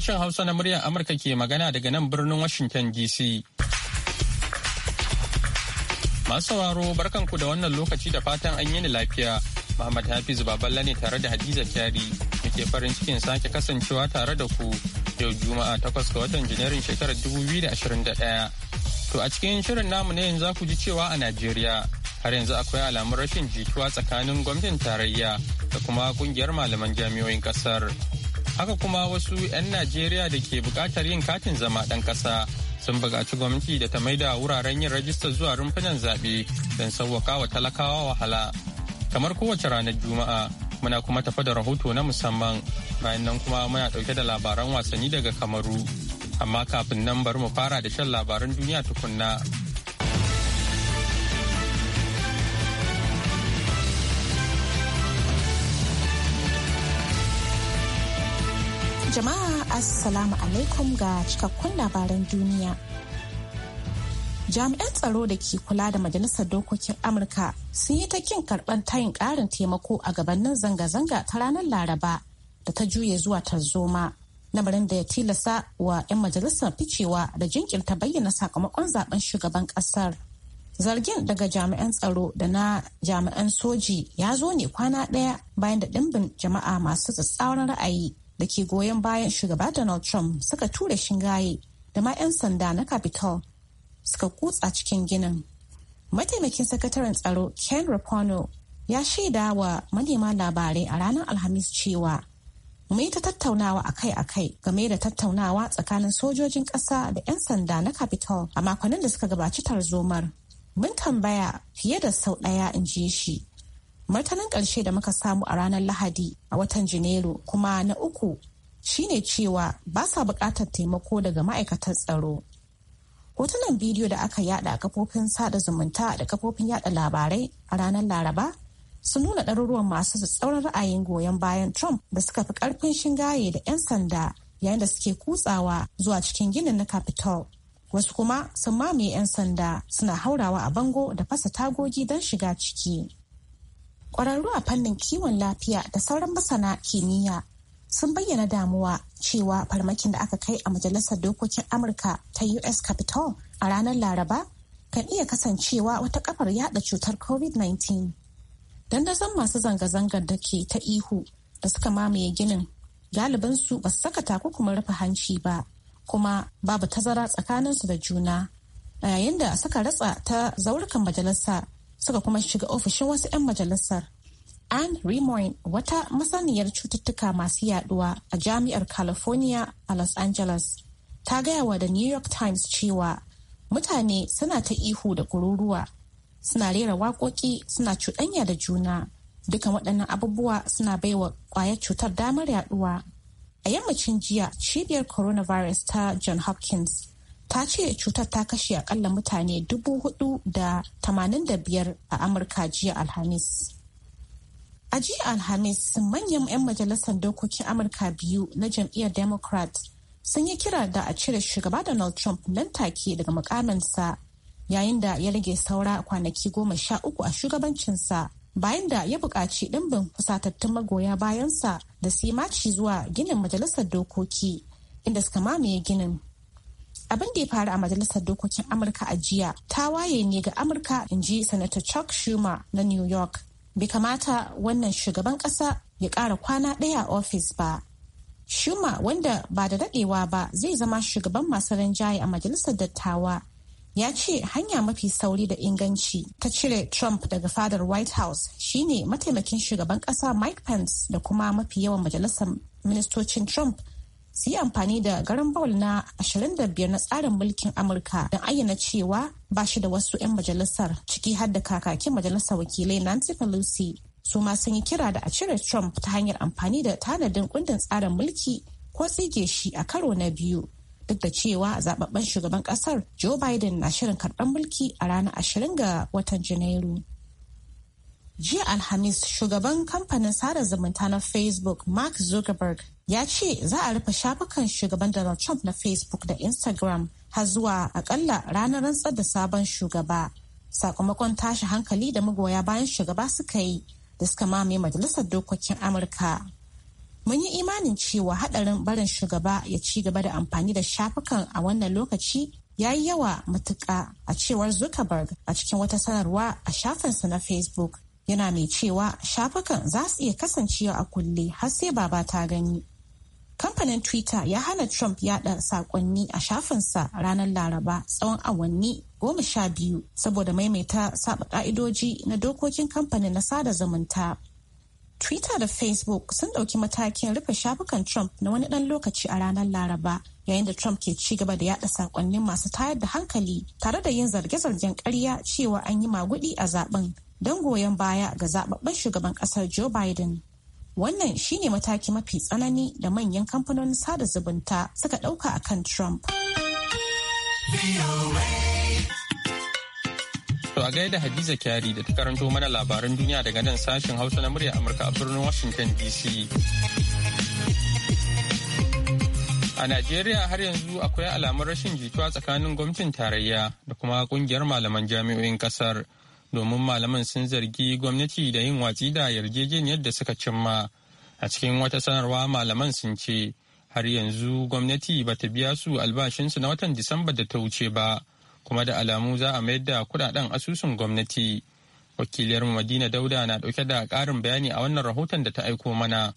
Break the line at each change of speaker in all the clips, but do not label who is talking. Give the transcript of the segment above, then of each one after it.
Sashen Hausa na muryar Amurka ke magana daga nan birnin Washington DC. Masu sauraro barkanku da wannan lokaci da fatan an yi ni lafiya. Muhammad Hafiz Baballa ne tare da Hadiza Kyari muke farin cikin sake kasancewa tare da ku yau Juma'a takwas ga watan Janairun shekarar ɗaya, To a cikin shirin namu ne yanzu ku ji cewa a Najeriya har yanzu akwai alamun rashin jituwa tsakanin gwamnatin tarayya da kuma kungiyar malaman jami'o'in kasar. haka kuma wasu 'yan najeriya da ke bukatar yin katin zama ɗan ƙasa sun bugaci gwamnati da ta maida wuraren yin rajistar zuwa rumfunan zaɓe don sauwaka wa talakawa wahala kamar kowace ranar juma'a muna kuma tafa da rahoto na musamman bayan nan kuma muna ɗauke da labaran wasanni daga kamaru amma kafin nan bari mu fara da shan labaran duniya tukunna.
Jama'a Assalamu alaikum ga cikakkun labaran duniya. Jami'an tsaro da ke kula da Majalisar Dokokin Amurka sun yi ta kin karɓar tayin ƙarin taimako a gabanin zanga-zanga ta ranar Laraba da ta juye zuwa tarzoma. Lamarin da ya tilasa wa 'yan majalisar ficewa da jinkirta bayyana sakamakon zaben shugaban ƙasar. Zargin daga jami'an tsaro da na jami'an soji ya zo ne kwana ɗaya bayan da ɗimbin jama'a masu tsatsauran ra'ayi da ke goyon bayan shugaba Donald Trump suka tura shingaye da ma 'yan sanda na Capitol suka kutsa cikin ginin. Mataimakin sakataren tsaro Ken Rapono ya shaida wa manema labarai a ranar Alhamis cewa mu ta tattaunawa akai-akai game da tattaunawa tsakanin sojojin ƙasa da 'yan sanda na Capitol a makonnin da suka gabaci tarzomar. Mun tambaya fiye da sau ɗaya in ji shi martanin ƙarshe da muka samu a ranar lahadi a watan janairu kuma na uku shine cewa ba sa buƙatar taimako daga ma'aikatan tsaro hotunan bidiyo da aka yada a kafofin sada zumunta da kafofin yada labarai a ranar laraba sun nuna ɗaruruwan masu tsauran ra'ayin goyon bayan trump da suka fi ƙarfin shingaye da 'yan sanda yayin da suke kutsawa zuwa cikin ginin na capitol wasu kuma sun mamaye 'yan sanda suna haurawa a bango da fasa tagogi don shiga ciki kwararru a fannin kiwon lafiya da sauran masana kimiyya sun bayyana damuwa cewa farmakin da aka kai a Majalisar Dokokin Amurka ta US Capitol a ranar Laraba kan iya kasancewa wata kafar yada cutar COVID-19. Dandazon masu zanga-zangar da ke ta ihu da suka mamaye ginin galibinsu ba su saka takunkumin rufe hanci ba kuma babu tazara tsakaninsu da juna. a yayin da suka ratsa ta zaurukan majalisa suka kuma shiga ofishin wasu 'yan majalisar. Anne Remoyne wata masaniyar cututtuka masu yaduwa a jami'ar California a Los Angeles ta gaya wa da New York Times cewa mutane suna ta ihu da kururuwa suna rera waƙoƙi suna cuɗanya da juna duka waɗannan abubuwa suna baiwa ƙwayar cutar damar yaduwa. A yammacin jiya cibiyar coronavirus ta John Hopkins ta ce cutar ta kashe akalla mutane dubu hudu da tamanin da biyar a amurka jiya alhamis a jiya alhamis manyan 'yan majalisar dokokin amurka biyu na jam'iyyar democrat sun yi kira da a cire shugaba donald trump nan take daga mukaminsa yayin da ya rage saura kwanaki goma sha uku a shugabancinsa bayan da ya buƙaci ɗimbin fusatattun magoya bayansa da su yi maci zuwa ginin majalisar dokoki inda suka mamaye ginin abin da ya faru a majalisar dokokin amurka a jiya ta waye ne ga amurka in ji sanata chuck schumer na new york bai kamata wannan shugaban kasa ya ƙara kwana ɗaya a ofis ba schumer wanda ba da daɗewa ba zai zama shugaban masu rinjaye a majalisar dattawa ya ce hanya mafi sauri da inganci ta cire trump daga fadar white house shine mataimakin shugaban kasa mike pence da kuma mafi yawan majalisar ministocin trump su yi amfani da garin bawul na 25 na tsarin mulkin amurka don ayyana cewa ba shi da wasu 'yan majalisar ciki har da kakakin majalisar wakilai nancy pelosi su ma sun yi kira da a cire trump ta hanyar amfani da tanadin kundin tsarin mulki ko tsige shi a karo na biyu duk da cewa zababben shugaban kasar joe biden na shirin karɓar mulki a ranar 20 ga watan janairu jiya alhamis shugaban kamfanin sada zumunta na facebook mark zuckerberg ya ce za a rufe shafukan shugaban donald trump na facebook da instagram har zuwa akalla ranar rantsar da sabon shugaba sakamakon tashi hankali da magoya bayan shugaba suka yi da suka mame majalisar dokokin amurka mun yi imanin cewa hadarin barin shugaba ya ci gaba da amfani da shafukan a wannan lokaci ya yi yawa matuka a cewar zuckerberg a cikin wata sanarwa a shafinsa na facebook yana mai cewa shafukan za su iya kasancewa a kulle har sai baba ta gani kamfanin twitter ya hana trump yaɗa sakonni a shafinsa ranar laraba tsawon awanni goma sha biyu saboda maimaita saba ka'idoji na dokokin kamfanin na sada zumunta twitter da facebook sun ɗauki matakin rufe shafukan trump na wani ɗan lokaci a ranar laraba yayin da trump ke ci gaba da yaɗa sakonnin masu tayar da hankali tare da yin zarge-zargen karya cewa an yi maguɗi a zaben don goyon baya ga zababben shugaban kasar Joe Biden. Wannan shine mataki mafi tsanani da manyan kamfanonin sada zubunta suka ɗauka a kan Trump.
To a gaida Hadiza Kyari da ta karanto mana labaran duniya daga nan sashen Hausa na murya Amurka a birnin Washington DC. A Najeriya har yanzu akwai alamun rashin jituwa tsakanin gwamnatin tarayya da kuma kungiyar malaman jami'o'in kasar. domin malaman sun zargi gwamnati da yin watsi da yarjejeniyar da suka cimma a cikin wata sanarwa malaman sun ce har yanzu gwamnati ba ta biya su albashinsu na watan disamba da ta wuce ba kuma da alamu za a mayar da kudaden asusun gwamnati wakiliyar madina dauda na dauke da karin bayani a wannan rahoton da ta aiko mana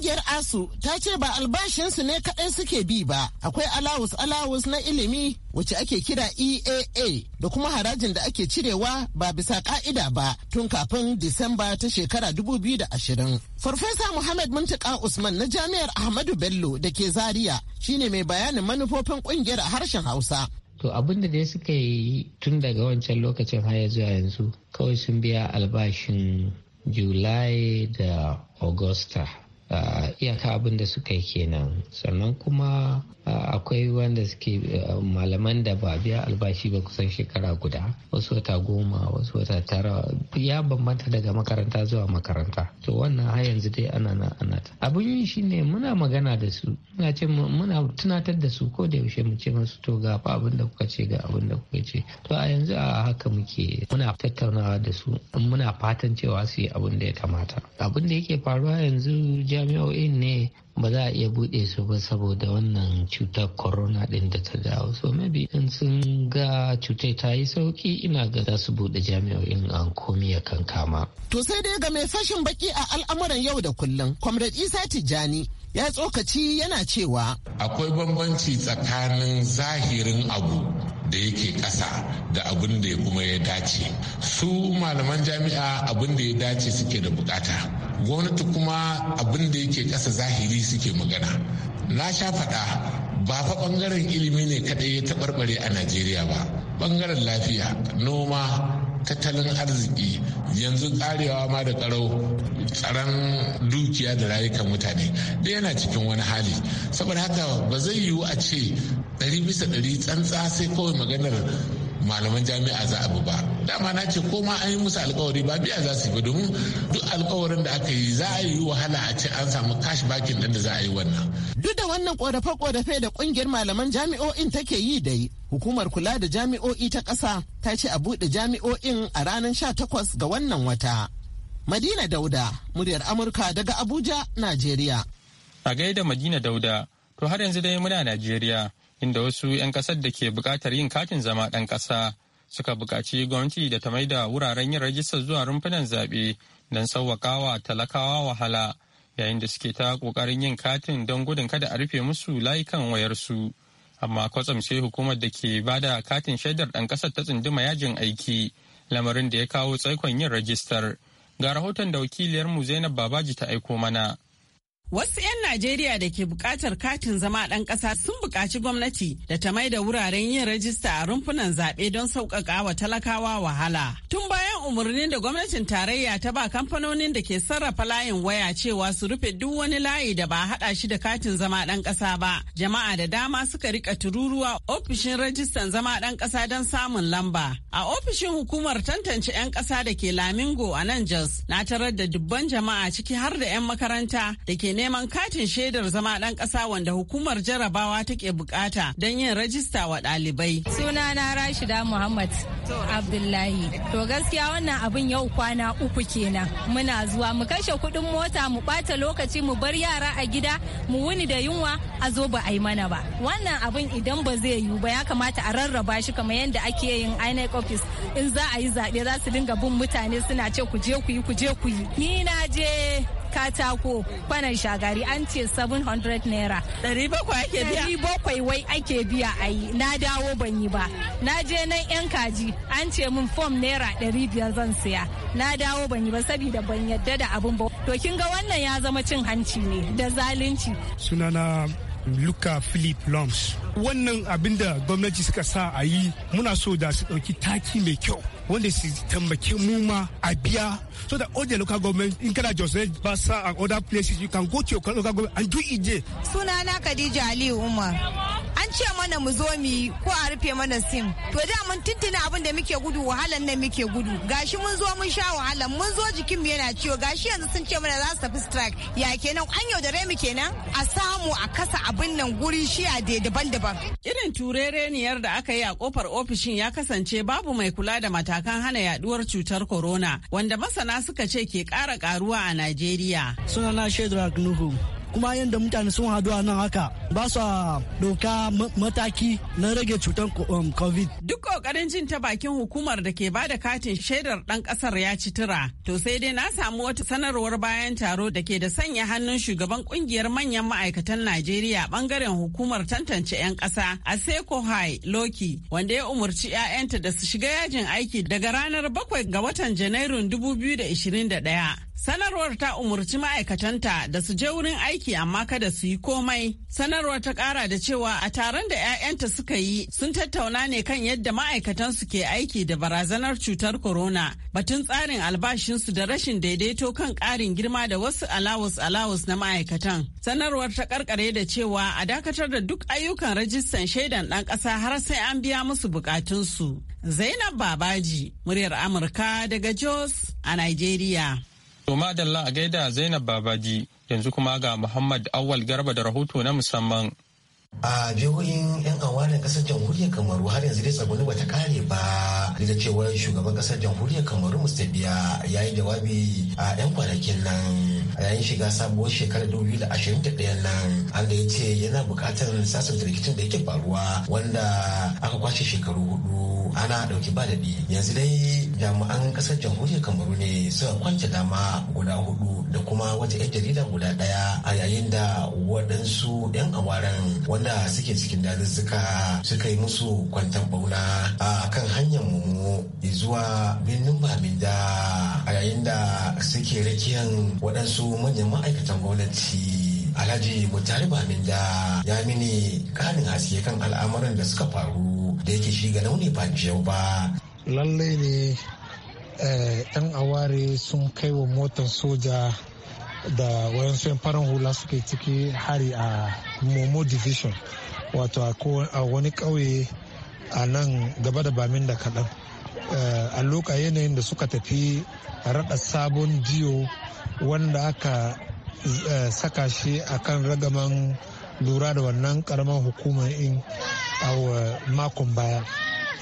Kungiyar ASU ta ce ba albashinsu ne kaɗai suke bi ba, akwai alawus alawus na ilimi wacce ake kira EAA da kuma harajin da ake cirewa ba bisa ka'ida ba tun kafin Disamba ta shekara 2020. Farfesa Muhammad Muntaka Usman na Jami'ar Ahmadu Bello da ke Zaria shine mai bayanin manufofin kungiyar a harshen Hausa. To abin
da dai suka yi tun daga wancan lokacin har zuwa yanzu kawai sun biya albashin Julai da Augusta Ah, iyaka abin da suka yi kenan sannan kuma ah, akwai wanda suke ah, malaman da ba biya albashi ba kusan shekara guda wasu wata goma wasu wata tara ya bambanta daga makaranta zuwa makaranta to wannan har yanzu dai ana na ana ta abin yi shine muna magana da su muna ce muna tunatar da su ko da yaushe mu ce musu to ga fa abin da kuka ce ga abin da kuka ce to a yanzu a haka muke muna tattaunawa da su muna fatan cewa su yi abin da ya kamata abin da yake faruwa yanzu ja jami'o'in ne ba za a iya buɗe su ba saboda wannan cutar corona ɗin da ta dawo so maybe in sun ga cutar ta yi sauki ina ga za su buɗe jami'o'in an komi ya kankama.
to sai dai ga mai fashin baki a al'amuran yau da kullum comrade isa tijjani ya tsokaci yana cewa
akwai bambanci tsakanin zahirin abu da yake ƙasa da abin da kuma ya dace su malaman jami'a abin da ya dace suke da bukata gwamnati kuma abin da yake ƙasa zahiri suke magana na sha faɗa ba fa ɓangaren ilimi ne kaɗai ya taɓarɓare a najeriya ba ɓangaren lafiya noma tattalin arziki yanzu karewa ma da karau tsaron dukiya da rayukan mutane da yana cikin wani hali saboda haka ba zai yiwu a ce ɗari bisa ɗari tsantsa sai kawai maganar malaman jami'a za a bi ba dama na ce ko ma an yi musu alkawari ba biya za su bi domin duk alkawarin da aka yi za a yi wahala a ce an samu cash bakin din da za a yi wannan
duk da wannan korafe-korafe da kungiyar malaman jami'o'in take yi da yi hukumar kula da jami'o'i ta ƙasa ta ce a buɗe jami'o'in a ranar takwas ga wannan wata madina dauda muryar amurka daga abuja najeriya
a gaida madina dauda to har yanzu dai muna najeriya inda wasu 'yan kasar da ke bukatar yin katin zama ɗan ƙasa suka buƙaci gwamnati da ta maida wuraren yin rajistar zuwa rumfunan zaɓe don sauwaƙawa talakawa wahala yayin da suke ta ƙoƙarin yin katin don gudun kada a rufe musu layukan wayarsu amma kwatsam sai hukumar da ke ba da katin shaidar ɗan ƙasar ta tsunduma yajin aiki lamarin da ya kawo tsaikon yin rajistar ga rahoton da wakiliyarmu zainab babaji ta aiko mana
Wasu 'yan Najeriya da ke bukatar katin zama ɗan ƙasa sun buƙaci gwamnati da ta mai da wuraren yin rajista a rumfunan zaɓe don sauƙaƙa wa talakawa wahala. Tun bayan umarnin da gwamnatin tarayya ta ba kamfanonin da ke sarrafa layin waya cewa su rufe duk wani layi da ba a haɗa shi da katin zama ɗan ƙasa ba, jama'a da dama suka rika tururuwa ofishin rajistan zama ɗan ƙasa don samun lamba. A ofishin hukumar tantance 'yan ƙasa da ke Lamingo a nan Jos, na tarar da dubban jama'a ciki har da 'yan makaranta da ke neman katin shaidar zama ɗan ƙasa wanda hukumar jarabawa take bukata don yin rajista wa ɗalibai. Suna
na Rashida Muhammad Abdullahi. To gaskiya wannan abin yau kwana uku kenan. Muna zuwa mu kashe kuɗin mota mu ɓata lokaci mu bar yara a gida mu wuni da yunwa a zo ba a yi mana ba. Wannan abin idan ba zai yiwu ba ya kamata a rarraba shi kamar yadda ake yin INEC office in za a yi zaɓe za su dinga bin mutane suna ce ku je ku yi ku je ku yi. Ni na je katako kwanan shagari an ce 700 naira. Ɗari bakwai ake biya? Ɗari bakwai wai ake biya a yi na dawo ban yi ba. Na je nan yan kaji an ce min fom naira ɗari biyar zan siya. Na dawo ban yi ba saboda ban yadda da abin ba. To kin ga wannan ya zama cin hanci ne da zalunci.
Sunana luka philip lums. wannan abin da gwamnati suka sa a yi muna so da su ɗauki taki mai kyau wanda su tambake mu ma a biya so that all the local government in kana jose eh, ne ba sa and other places you can go to your local government and do it there
sunana khadija ali umar an ce mana mu zo mu ko a rufe mana sim to da mun tuntuna abin da muke gudu wahalan nan muke gudu gashi mun zo mun sha wahala mun zo jikin mu yana ciwo gashi yanzu sun ce mana za su tafi strike ya kenan an yaudare mu kenan a samu a kasa abin nan guri shiya da daban-daban. Irin turereniyar da aka yi a kofar
ofishin ya kasance babu mai kula da matakan hana yaduwar cutar corona wanda masana suka ce ke ƙara ƙaruwa a Najeriya. Sunana Shedrack Nuhu. kuma yadda mutane sun
hadu a nan haka ba su doka mataki na rage cutar um, covid.
Duk kokarin jin ta bakin hukumar da ke bada katin shaidar ɗan ƙasar ya ci tura. To sai dai na samu wata sanarwar bayan taro da ke da sanya hannun shugaban ƙungiyar manyan ma'aikatan Najeriya bangaren hukumar tantance 'yan ƙasa a Seko High Loki wanda ya umarci 'ya'yanta da su shiga yajin aiki daga ranar bakwai ga watan Janairun ɗaya. Sanarwar ta umarci ma'aikatanta da su je wurin aiki amma kada su yi komai. Sanarwar ta kara da cewa a taron da 'ya'yanta suka yi sun tattauna ne kan yadda ma'aikatansu ke aiki da barazanar cutar corona, batun tsarin albashinsu da rashin daidaito kan ƙarin girma da wasu alawus-alawus na ma'aikatan. Sanarwar ta karkare da cewa a dakatar da duk ayyukan rajistan shaidan ɗan ƙasa har sai an biya musu buƙatunsu. Zainab Babaji, muryar Amurka daga Jos a Nigeria.
To madalla a gaida Zainab Babaji yanzu kuma ga Muhammad Awal Garba da rahoto na musamman.
a jihohin 'yan awanin kasar jamhuriyar kamaru har yanzu dai tsagoni bata kare ba da cewa shugaban kasar jamhuriyar kamaru mustabiya ya yi jawabi a 'yan kwanakin nan a yayin shiga sabuwar shekarar 2021 nan an da ya ce yana bukatar sasanta rikicin da yake faruwa wanda aka kwashe shekaru hudu ana dauki ba daɗi yanzu dai jami'an kasar jamhuriyar kamaru ne suka kwance dama guda hudu da kuma wata 'yan jarida guda daya a yayin da waɗansu 'yan awaren wanda suke cikin dazuzzuka suka yi musu kwantar bauna a kan hanyar mu zuwa birnin baminda a yayin da suke rakiyan waɗansu manyan ma'aikatan gwamnati Alhaji Mutari Baminda ya mini ƙarin haske kan al'amuran da suka faru da yake shiga launi ba jiyau ba
lallai ne eh, yan aware sun kai wa motar soja da wayansu yan farin hula suke ciki hari a momo division wato a wani ƙauye a nan gaba da bamin da kaɗan eh, a loka yanayin da suka tafi raɗa sabon jiyo wanda aka eh, saka shi a kan ragaman lura da wannan ƙaramin hukumar in a makon baya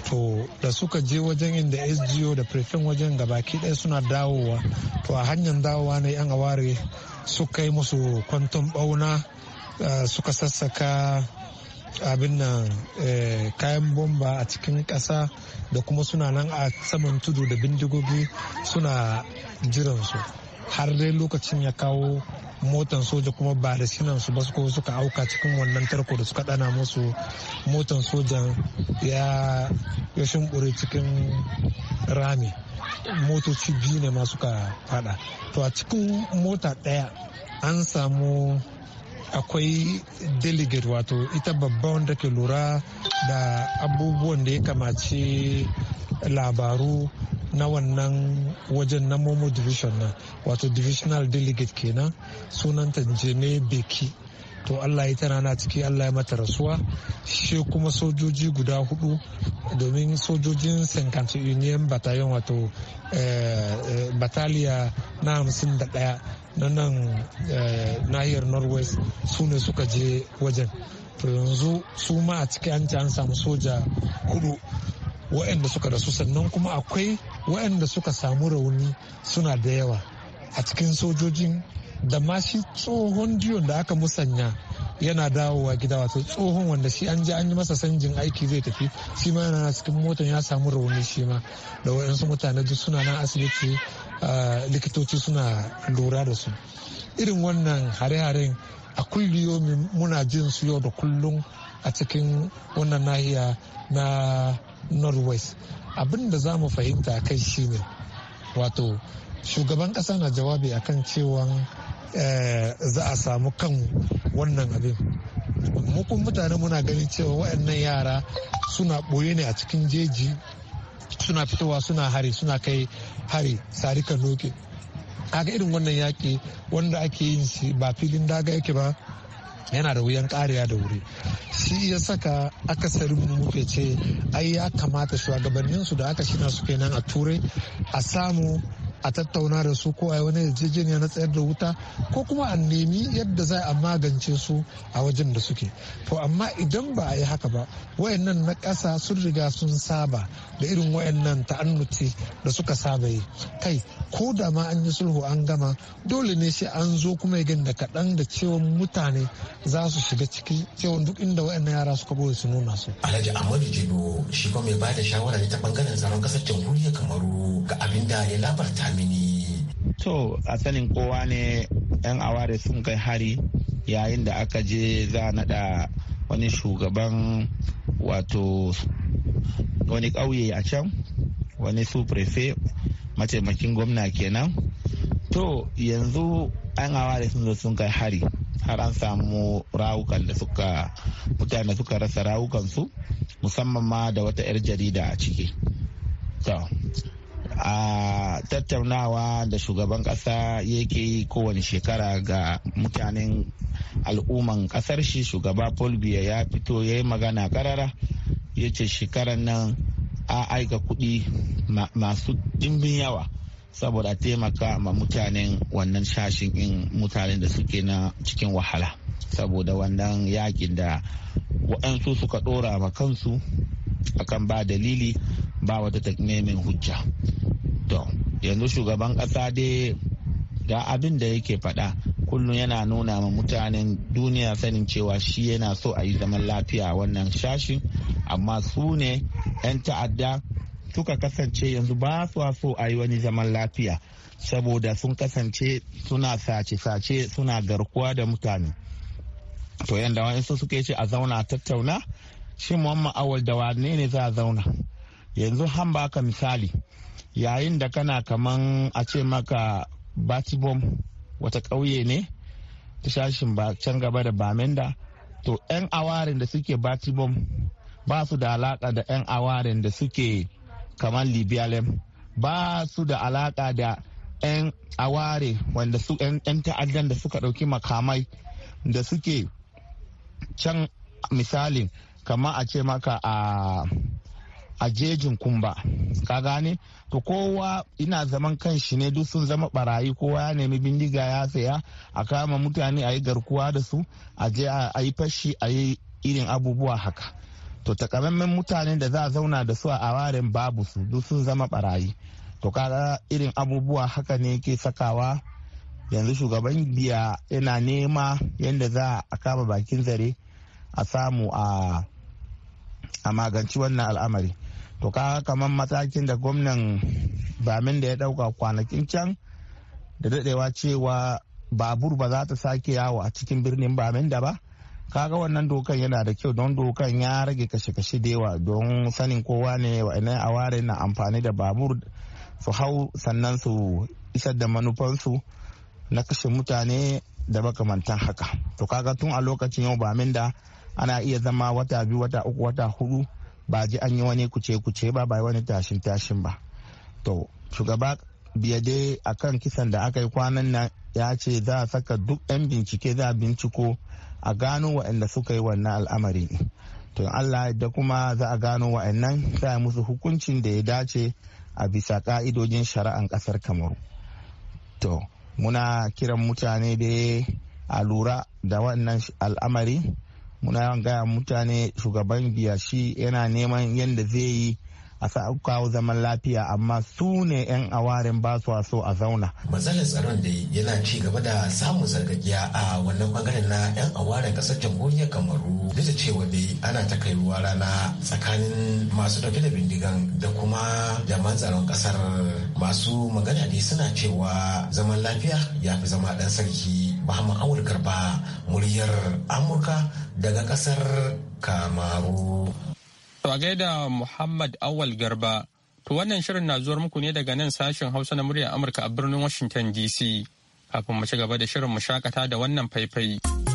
to da suka je wajen inda sgo da prefin wajen gabaki ɗaya suna dawowa to a hanyar dawowa ne yan aware suka yi musu kwanton bauna eh, suka sassaka abin nan eh, kayan bomba a cikin ƙasa da kuma suna nan a saman tudu da bindigogi suna jiransu har dai lokacin ya kawo motan soja kuma ba da sinan su ba su suka auka cikin wannan tarko da suka dana musu motan sojan ya shimbure cikin rami motoci biyu ne masu ka fada to a cikin mota daya an samu akwai delegate wato ita babba wanda ke lura da abubuwan da ya kamaci labaru na wannan wajen na momo division nan wato divisional delegate kenan sunanta jene beki to allah ya tana na ciki allah ya mata rasuwa shi kuma sojoji guda hudu domin sojojin sankanci union battalion wato eh, eh, bataliya na hamsin da daya na nan eh, nahiyar northwest su ne suka je wajen to yanzu su ma a ciki an ci an samu soja hudu waɗanda suka rasu sannan kuma akwai waɗanda suka samu rauni suna da yawa a cikin sojojin da ma shi tsohon jiyon da aka musanya yana dawowa gida wato tsohon wanda shi an je an yi masa sanjin aiki zai tafi shi ma yana cikin motan ya samu rauni shi ma da waɗansu mutane duk suna nan asibiti likitoci suna lura da su irin wannan hare-haren a kulliyomi muna jin su yau da kullum a cikin wannan nahiya na northwest abin da za mu fahimta kai shine wato shugaban kasa na jawabi a kan cewa eh, za a samu kan wannan abin mukun mutane muna ganin cewa waɗannan yara suna ɓoye ne a cikin jeji suna fitowa suna hari suna kai hari sarika noke kaga irin wannan yaƙi wanda ake yin shi ba filin daga yake ba yana da wuyan kariya da wuri shi ya saka akasarin mu muke ce ai ya kamata shugabanninsu da aka shina suke nan a turai a samu a tattauna da su ko a wani yarjejeniya na tsayar da wuta ko kuma a nemi yadda za a magance su a wajen da suke to amma idan ba a yi haka ba wayannan na ƙasa sun riga sun saba da irin wayannan ta'annuti da suka saba yi kai ko da ma an yi sulhu an gama dole ne shi an zo kuma ya da kaɗan da cewa mutane za su shiga ciki cewa duk inda wayannan yara suka boye su nuna su
alhaji Amadu jibo shi kuma mai ba da shawara ta bangaren zaman kasar jamhuriyar kamaru ga abin da ya labarta amini
to a sanin kowa ne yan aware sun kai hari yayin da aka je za a nada wani shugaban wato wani ƙauye a can wani su prefe mataimakin gwamna kenan to yanzu an aware sun sun kai hari har an samu rawukan da suka mutane suka rasa rawukansu musamman ma da wata 'yar jarida a ciki a tattaunawa da shugaban kasa yake kowane shekara ga mutanen al'umman kasar shi shugaba paul biya ya fito ya yi magana karara ya ce shekarar nan a aika kuɗi masu dimbin yawa saboda taimaka ma mutanen wannan shashin in mutanen da suke na cikin wahala saboda wannan yakin da waɗansu suka ɗora ma kansu akan ba dalili ba wata takmemin hujja to yanzu shugaban kasa dai ga abin da yake faɗa kullum yana nuna ma mutanen duniya sanin cewa shi yana so a yi zaman lafiya wannan shashi amma su ne 'yan ta'adda suka kasance yanzu ba su so a yi wani zaman lafiya saboda sun kasance suna sace-sace suna garkuwa da mutane to yadda wa'insu suke ce a zauna tattauna shi muhammad awal da ne za a zauna yanzu han ka misali yayin da kana kaman a ce maka batibom wata ƙauye ne ta shashin ba can gaba da bamenda to 'yan awarin da suke batibom ba su da alaka da 'yan awarin da suke kamar libyalem ba su da alaka da 'yan aware wanda su 'yan ta'addan da suka ɗauki makamai da suke can misalin kama a ce maka a a jejin kumba ka gane to kowa ina zaman kan shi ne duk sun zama barayi kowa ya nemi bindiga ya saya a kama mutane a yi garkuwa da su a je a yi fashi a yi irin abubuwa haka to takamaiman mutane da za a zauna da su a awarin babu su duk sun zama barayi to kaga irin abubuwa haka ne ke sakawa yanzu shugaban biya yana nema yadda za a kama bakin zare a samu a magance wannan al'amari to ka kamar matakin da gwamnan bamin da ya dauka kwanakin can da dadewa cewa babur ba za ta sake yawo a cikin birnin bamin da ba kaga wannan dokan yana da kyau don dokan ya rage kashe-kashe da yawa don sanin kowa ne a aware na amfani da babur su hau sannan su isar da manufansu na kashe mutane da makamantan haka to kaga tun a lokacin yau bamin da ana iya zama wata biyu wata uku wata hudu ba ji an yi wani kuce-kuce ba ba wani tashin-tashin ba to shugaba biyade a kan kisan da aka yi kwanan nan ya ce za a saka duk 'yan bincike za a binciko a gano waɗanda suka yi wannan al'amari to allah da kuma za a gano waɗannan za a musu hukuncin da ya dace a bisa ka'idojin shari'an ƙasar kamaru to muna kiran mutane da a lura da wannan al'amari muna yawan gaya mutane shugaban biyashi yana neman yadda zai yi a kawo zaman lafiya amma su ne 'yan awarin ba su so a zauna.
matsalar tsaron da yana ci gaba da samun sargagiya a wannan bangaren na 'yan awarin kasar jamhuriyar kamaru duk da cewa dai ana ta kai ruwa rana tsakanin masu dauke da bindigan da kuma jaman tsaron kasar masu magana dai suna cewa zaman lafiya ya fi zama dan sarki Bahama Awul Garba muryar Amurka daga kasar Kamaru.
To gaida Muhammad Awul Garba, to wannan shirin na zuwar muku ne daga nan sashen Hausa na muryar Amurka a birnin Washington DC. Kafin mu ci gaba da shirin mu shakata da wannan faifai.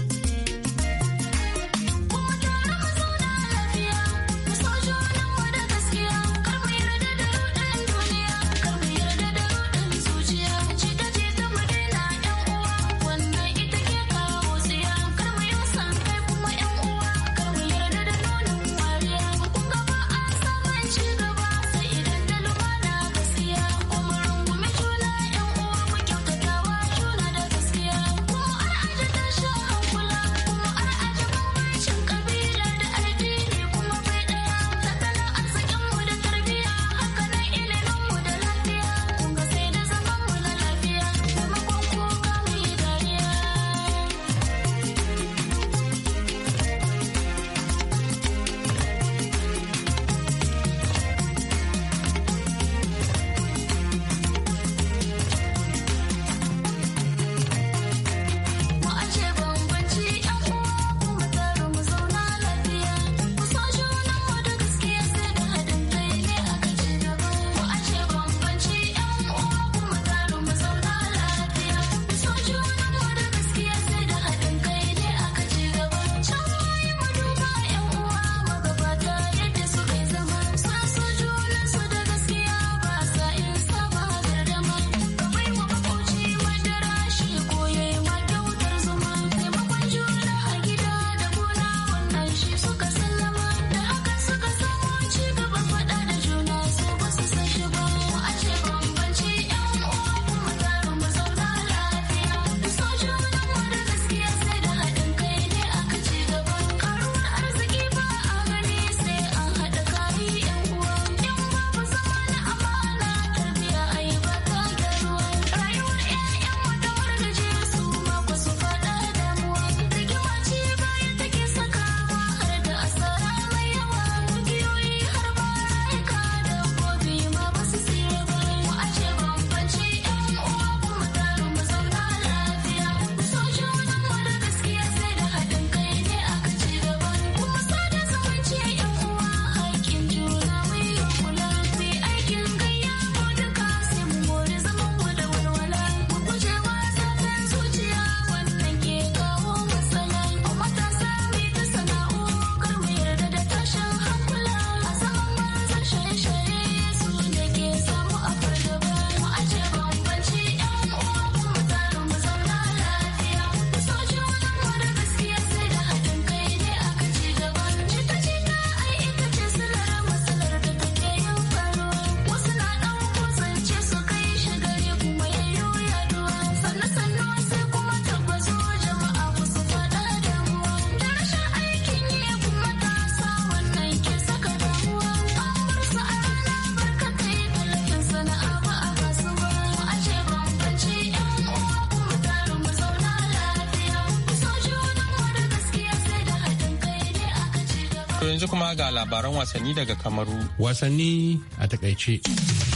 ga labaran wasanni daga Kamaru. Wasanni a takaice.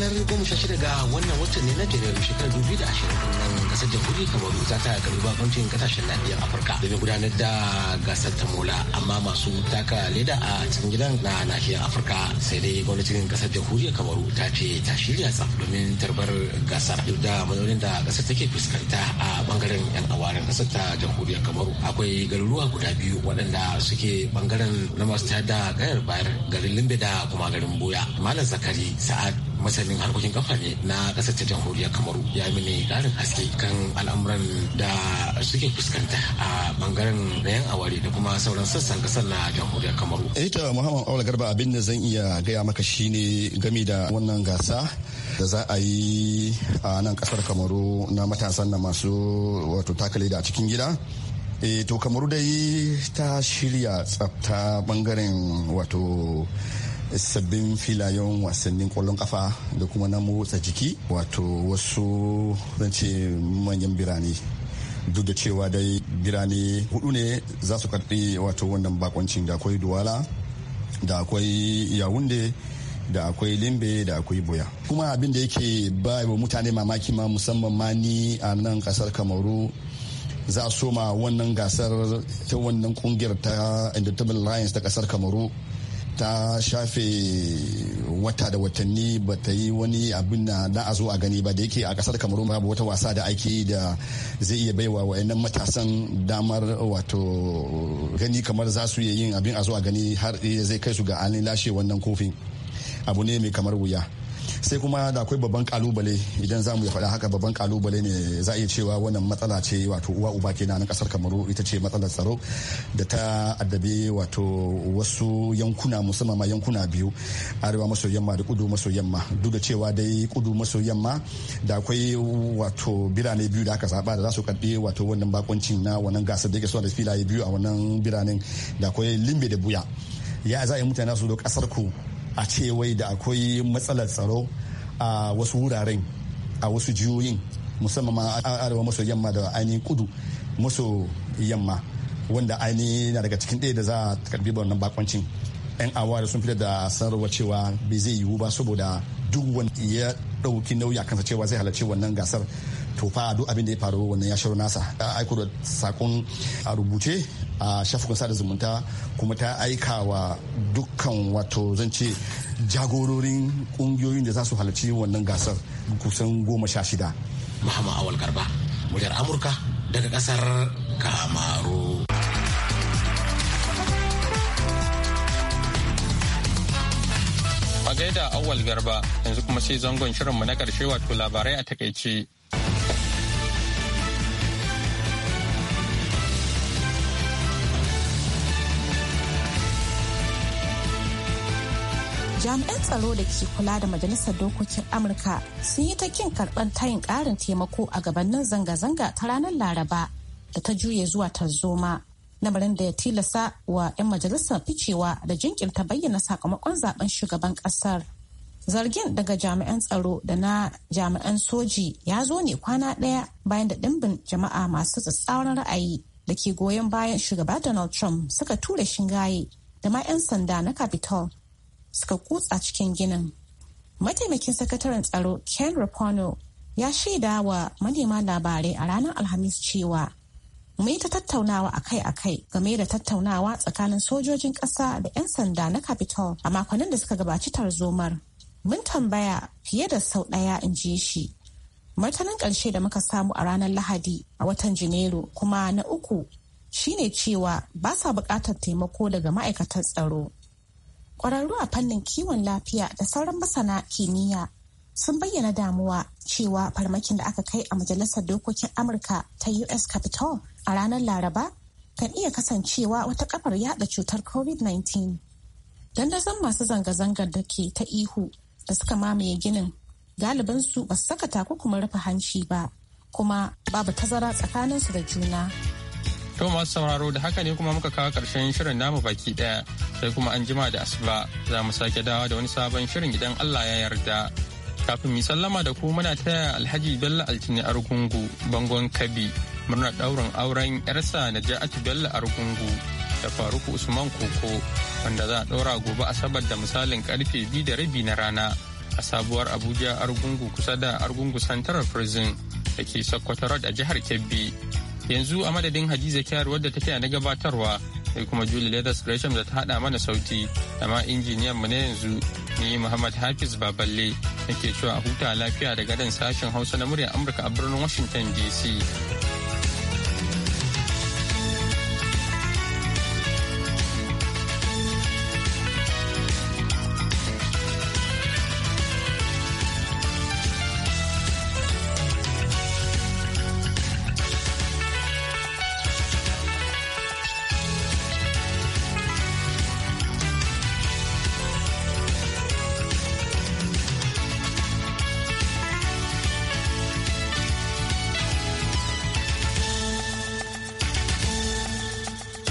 ranar 16 ga wannan watan ne na janairu shekarar 2020 kasar jamhuriyar kamaru za ta karbi bakuncin kasashen lafiyar afirka domin gudanar da gasar ta mola amma masu taka leda a cikin gidan na nahiyar afirka sai dai gwamnatin kasar jamhuriyar kamaru ta ce ta shirya tsaf domin tarbar gasar duk da matsalolin da kasar take fuskanta a bangaren yan awarin kasar ta jamhuriyar kamaru akwai garuruwa guda biyu waɗanda suke bangaren na masu tada da bayar garin limbe da kuma garin boya malam zakari sa'ad masanin harkokin kamfani na kasar ta jamhuriya kamaru ya mini karin haske kan al'amuran da suke fuskanta a bangaren rayan aware da kuma sauran sassan kasar na jamhuriyar kamaru
ita eh muhammad aula garba abin da zan iya gaya maka shine gami da wannan gasa da za a yi a nan kasar kamaru na matasan na masu wato takale da a cikin gida e to kamaru dai ta shirya tsafta bangaren wato sabbin filayen wasannin kwallon kafa da kuma na motsa jiki wato wasu zance manyan birane duk da cewa dai birane hudu ne za su karbi wato wannan bakoncin da akwai duwala da akwai yawunde da akwai limbe da akwai boya kuma abin da yake ba wa mutane mamaki ma musamman ma ni a nan kasar kamaru za a soma wannan gasar ta wannan kungiyar ta entertainment alliance ta kasar kamaru ta shafe wata da watanni ba ta yi wani abin na da a zo a gani ba da yake a kasar kamaru babu wata wasa da ake da zai iya baiwa wayannan matasan damar wato gani kamar za su yi yin abin a zo a gani har zai kai su ga alin lashe wannan kofin abu ne mai kamar wuya sai kuma da akwai babban kalubale idan za mu faɗa haka babban kalubale ne za a iya cewa wannan matsala ce wato uwa uba kenan na kasar kamaru ita ce matsalar tsaro da ta addabi wato wasu yankuna musamman ma yankuna biyu arewa maso yamma da kudu maso yamma duk da cewa dai kudu maso yamma da akwai wato birane biyu da aka zaba da za su karbi wato wannan bakoncin na wannan gasar da yake so da filaye biyu a wannan biranen da akwai limbe da buya ya za a yi mutane su zo kasar ku a ce wai da akwai matsalar tsaro a wasu wuraren a wasu jihohin musamman ma arewa maso yamma da ainihin kudu maso yamma wanda ainihin na daga cikin ɗaya da za a karbi wannan bakoncin yan awara sun fitar da sanarwa cewa bai zai yiwu ba saboda duk wani ya ɗauki nauyi a kansa cewa zai halarci wannan gasar to fa duk abin da ya faru wannan ya shiru nasa a aiko da sakon a rubuce a shafukan sada zumunta kuma ta aika wa dukkan wato zan jagororin kungiyoyin da za su halarci wannan gasar kusan goma sha shida.
Muhammad Awal Garba, muryar Amurka daga kasar Kamaru.
A gaida Awal Garba yanzu kuma sai zangon shirinmu na karshe wato labarai a takaice.
jami'an tsaro da ke kula da majalisar dokokin amurka sun yi ta kin karɓar tayin ƙarin taimako a gabanin zanga-zanga ta ranar laraba da ta juye zuwa tarzoma lamarin da ya tilasa wa 'yan majalisar ficewa da jinkirta bayyana sakamakon zaben shugaban ƙasar zargin daga jami'an tsaro da na jami'an soji ya zo ne kwana ɗaya bayan da ɗimbin jama'a masu tsatsauran ra'ayi da ke goyon bayan shugaba donald trump suka tura shingaye da ma 'yan sanda na capitol suka kutsa cikin ginin mataimakin sakataren tsaro ken rapono ya shaida wa manema labarai a ranar alhamis cewa mai ta tattaunawa akai-akai game da tattaunawa tsakanin sojojin ƙasa da 'yan sanda na capitol a makonnin da suka gabaci tarzomar mun tambaya fiye da sau ɗaya in ji shi martanin ƙarshe da muka samu a ranar lahadi a watan janairu kuma na uku shine cewa ba sa buƙatar taimako daga ma'aikatan tsaro ƙwararru a fannin kiwon lafiya da sauran masana kimiyya sun bayyana damuwa cewa farmakin da aka kai a majalisar dokokin amurka ta us capitol a ranar laraba kan iya kasancewa wata kafar yada cutar covid-19 don dandazon masu zanga-zangar da ke ta ihu da suka mamaye ginin galibinsu ba su saka takunkumin rufe hanci ba kuma babu tazara tsakaninsu da juna.
To masu sauraro da haka ne kuma muka kawo ƙarshen shirin namu baki ɗaya sai kuma an jima da asuba za mu sake dawa da wani sabon shirin idan Allah ya yarda. Kafin mu sallama da ku muna taya Alhaji Bello Altini Argungu bangon Kabi murnar daurin auren yarsa ja'atu Bello Argungu da Faruku Usman Koko wanda za a daura gobe Asabar da misalin karfe biyu da rabi na rana a sabuwar Abuja Argungu kusa da Argungu Central Prison da ke Sokoto Road a jihar Kebbi. yanzu a madadin hadiza kyar wadda ta na gabatarwa sai kuma julie leathers gresham da ta hada mana sauti amma injiniyan mu na yanzu ni muhammad hafiz baballe nake cewa a huta lafiya daga dan sashen hausa na muryar amurka a birnin washington dc